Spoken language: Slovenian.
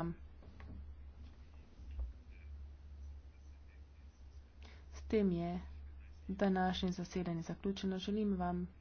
um, s tem je današnje zasedanje zaključeno. Želim vam.